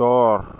door